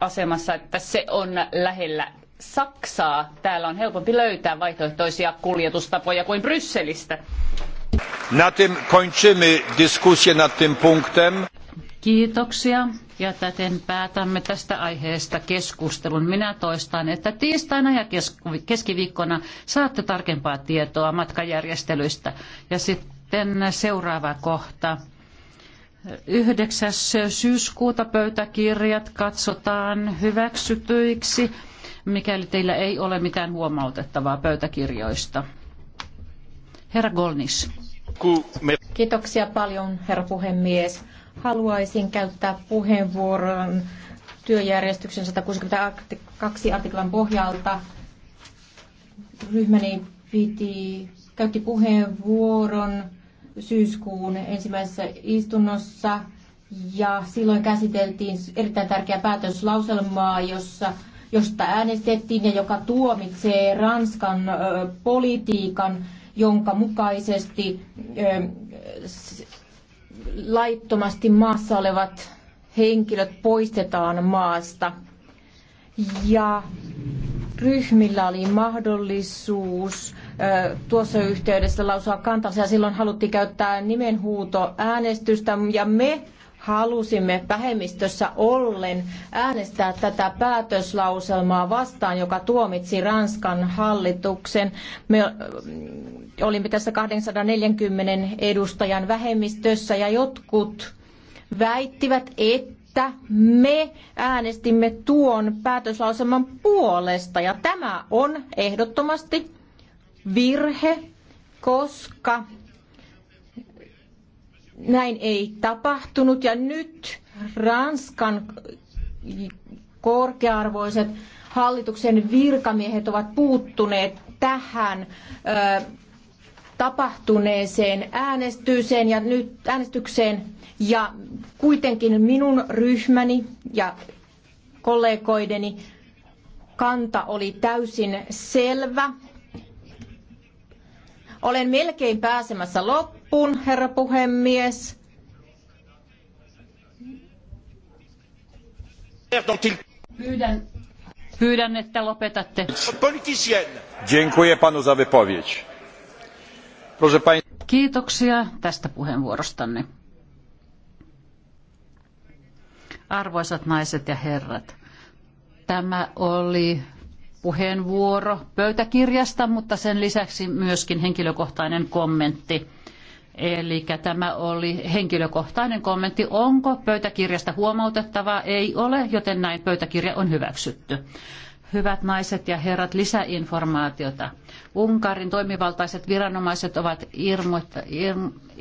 asemassa, että se on lähellä Saksaa. Täällä on helpompi löytää vaihtoehtoisia kuljetustapoja kuin Brysselistä. Na tym kończymy dyskusję nad tym punktem. Kiitoksia ja täten päätämme tästä aiheesta keskustelun. Minä toistan, että tiistaina ja keskiviikkona saatte tarkempaa tietoa matkajärjestelyistä. Ja sitten seuraava kohta. 9. syyskuuta pöytäkirjat katsotaan hyväksytyiksi, mikäli teillä ei ole mitään huomautettavaa pöytäkirjoista. Herra Golnis. Kiitoksia paljon, herra puhemies. Haluaisin käyttää puheenvuoron työjärjestyksen 162 artiklan pohjalta. Ryhmäni piti, käytti puheenvuoron syyskuun ensimmäisessä istunnossa ja silloin käsiteltiin erittäin tärkeä päätöslauselmaa, jossa, josta äänestettiin ja joka tuomitsee Ranskan ö, politiikan, jonka mukaisesti ö, laittomasti maassa olevat henkilöt poistetaan maasta. Ja ryhmillä oli mahdollisuus tuossa yhteydessä lausua kantansa ja silloin haluttiin käyttää nimenhuuto äänestystä ja me halusimme vähemmistössä ollen äänestää tätä päätöslauselmaa vastaan, joka tuomitsi Ranskan hallituksen. Me olimme tässä 240 edustajan vähemmistössä ja jotkut väittivät, että me äänestimme tuon päätöslauselman puolesta ja tämä on ehdottomasti virhe, koska näin ei tapahtunut ja nyt Ranskan korkearvoiset hallituksen virkamiehet ovat puuttuneet tähän ö, tapahtuneeseen äänestykseen ja, nyt, äänestykseen ja kuitenkin minun ryhmäni ja kollegoideni kanta oli täysin selvä olen melkein pääsemässä loppuun, herra puhemies. Pyydän, pyydän että lopetatte. Dziękuję panu za wypowiedź. Proszę Kiitoksia tästä puheenvuorostanne. Arvoisat naiset ja herrat, tämä oli puheenvuoro pöytäkirjasta, mutta sen lisäksi myöskin henkilökohtainen kommentti. Eli tämä oli henkilökohtainen kommentti. Onko pöytäkirjasta huomautettavaa? Ei ole, joten näin pöytäkirja on hyväksytty. Hyvät naiset ja herrat, lisäinformaatiota. Unkarin toimivaltaiset viranomaiset ovat